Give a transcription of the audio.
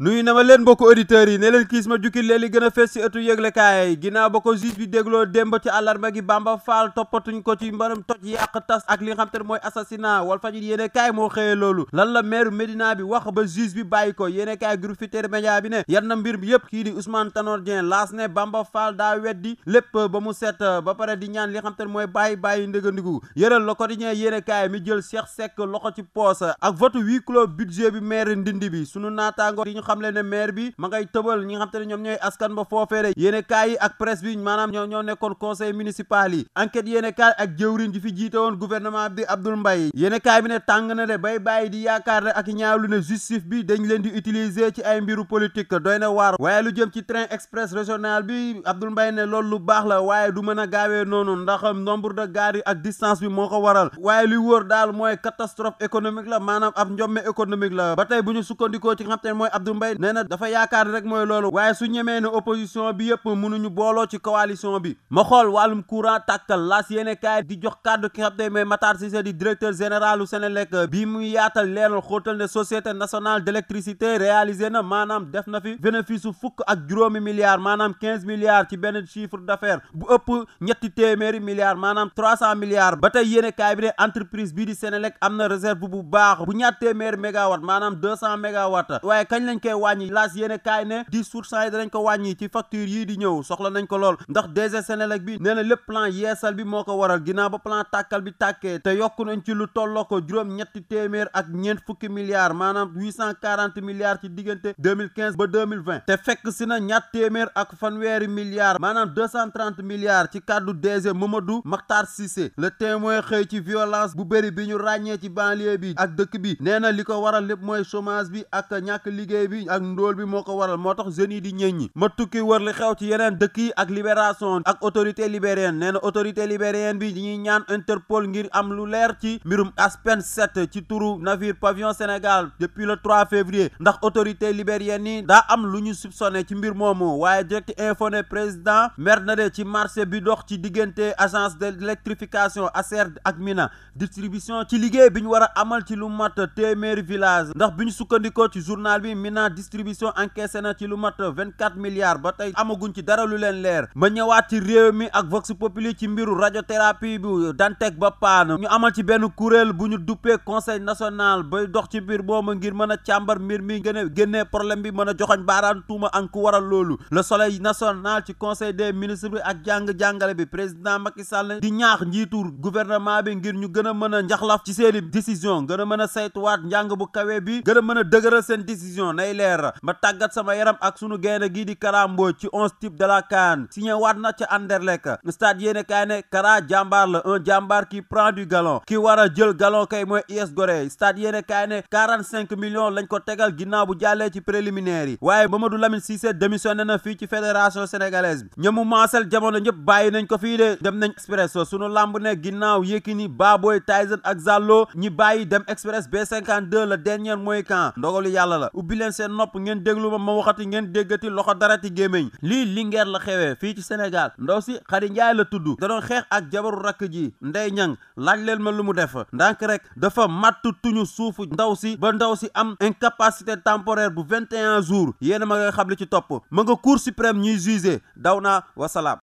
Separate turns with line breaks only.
nu na ma leen mbokku auditeurs yi ne leen kiis ma jukkil leen li gën a fees ci ëttu yëglekaay ginnaaw ba ko juge bi dégloo démb ci àllarba gi Bamba Fall toppatuñ ko ci mbaram toj yàq tas ak li nga xam te ne mooy assassinat wal fajit yéene kaay moo xëyee loolu lan la maire Médina bi wax ba juge bi bàyyi ko yéene kaay groupe Futurs Médias bi ne yan na mbir bi yëpp kii di Ousmane Tanor Dieng laas ne Bamba Fall daa weddi lépp ba mu set ba pare di ñaan li nga xam te ne mooy bàyyi bàyyi ndëgandigu yëral Le Quotidien yéene kaay mi jël Cheikh Seck loxo ci poos ak vote huis clos budget bi maire Ndindi bi xam le ne maire bi ma ngay tëbal ñi nga xam te ne ñoom ñooy askan ba foofeere yéene kaay yi ak presse bi maanaam ñoo nekkoon conseil municipal yi enquête yéene kaay ak jëwriñ ji fi jiite woon gouvernement bi Abdoul Mbaye yéene bi ne tàng na de bay bàyyi di yaakaar ne ak ñaawlu ne justice bi dañ leen di utiliser ci ay mbiru politique doy na waar waaye lu jëm ci train express régional bi Abdoul mbay ne loolu lu baax la waaye du mën a gaawee noonu ndax nombre de gares yi ak distance bi moo ko waral waaye luy wóor daal mooy catastrophe économique la maanaam ab njomme économique la ba tey bu ñu sukkandikoo ci Mbaye nee dafa yaakaar rek mooy loolu waaye su ñemee ne opposition bi yépp mënuñu booloo ci coalition bi ma xool wàllum courant tàkkal laas yéene kaay di jox kàddu ki xam te Matar Cissé di directeur général u Senelec bi muy yaatal leeral xóotal ne société nationale d'électricité réalisé na maanaam def na fi bénéfice su fukk ak juróomi milliards maanaam 15 milliards ci benn chiffre d'affaires bu ëpp ñetti téeméeri milliards maanaam trois milliards ba tey yéene kaay bi ne entreprise bi di Senelec am na réserve bu baax bu ñaar téeméeri mégawatt maanaam 200 mégawatt waaye kañ lañ koy wàññi laas yéene kaay ne dix pour cent yi danañ ko wàññi ci facture yii di ñëw soxla nañ ko lool ndax DG Senelec bi nee na lépp plan yeesal bi moo ko waral ginnaaw ba plan tàkkal bi tàkkee te yokku nañ ci lu tolloo ko juróom ñetti téeméer ak ñeent fukki milliards maanaam huit ci diggante ba te fekk si na ñaat téeméer ak fanweeri milliards maanaam deux ci kàddu DG Mamadou Makhtar Cissé le témoin xëy ci violence bu bëri bi ñu ràññee ci banlieue bi ak bi nee bi ak ndol bi moko waral motax jeune yi di ñëññi ma tukki war li xew ci yeneen dëkk ak libération ak autorité libérienne nee autorité libérienne bi ñuy ñaan Interpol ngir am lu leer ci mbirum Aspen 7 ci turu navire pavillon Sénégal depuis le 3 février ndax autorité libérienne yi am lu ñu soupçonné ci mbir momo waye direct info né président mer ci marché bi dox ci digënté agence d'électrification l'électrification ASER ak Mina distribution ci liggéey bi ñu amal ci lu mat téeméeri village ndax biñu ñu ci journal bi Mina distribution en na ci lu mat 24 milliards ba tay amaguñ ci dara lu leen leer ma ñëwaat ci réew mi ak Vox Populi ci mbiru radiothérapie bu dantek ba paan ñu amal ci benn bu conseil national boy dox ci mbir boobu ngir mën a càmbar mbir mi gën problème bi mën a le soleil national ci conseil des ministres bi ak jàng bi président Macky Sall di gouvernement bi ngir ñu gën a mën a ci décision gën a mën a saytuwaat njàng bu bi gën a décision day leer ma tàggat sama yaram ak sunu la CAN signé waat na ca ki war a jël galon kay mooy US Gorée stade yéene kaay ne quarante ko tegal ginnaaw bu jàllee ci préliminaire yi waaye Mamadou Lamine Cissé démissionné na fii ci fédération sénégalaise bi ñamu maasal jamono ñëpp bàyyi nañ ko fii de dem nañ express sunu lamb ne ginnaaw Yékini Baboy Tyson ak Zallo ñi bàyyi dem express b la dernier mooy kan ndogalu yàlla la ubbi seen nopp ngeen déglu ma ma waxati ngeen déggati loxo dara darati gémmiñ lii Linguère la xewee fii ci Sénégal ndaw si Khady Ndiaye la tudd da doon xeex ak jabaru rakk ji Ndeye Niang laaj leen ma lu mu def ndànk rek dafa matt tuñu suufu ndaw si ba ndaw si am incapacité temporaire bu 21 jours yéena ma ngay xam li ci topp ma nga cour suprême ñuy jugé daw naa wasalaam